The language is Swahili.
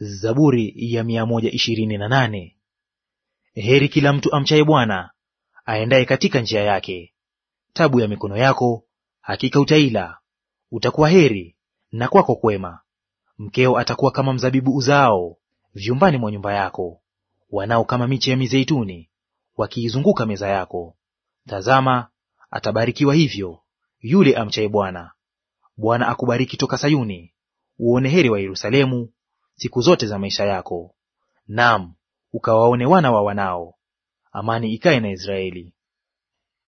Zaburi ya mia ishirini na nane. Heri kila mtu amchaye Bwana, aendaye katika njia yake. Tabu ya mikono yako hakika utaila, utakuwa heri na kwako kwema. Mkeo atakuwa kama mzabibu uzaao vyumbani mwa nyumba yako, wanao kama miche ya mizeituni wakiizunguka meza yako. Tazama, atabarikiwa hivyo yule amchaye Bwana. Bwana akubariki toka Sayuni, uone heri wa Yerusalemu siku zote za maisha yako, naam ukawaone wana wa wanao. Amani ikae na Israeli.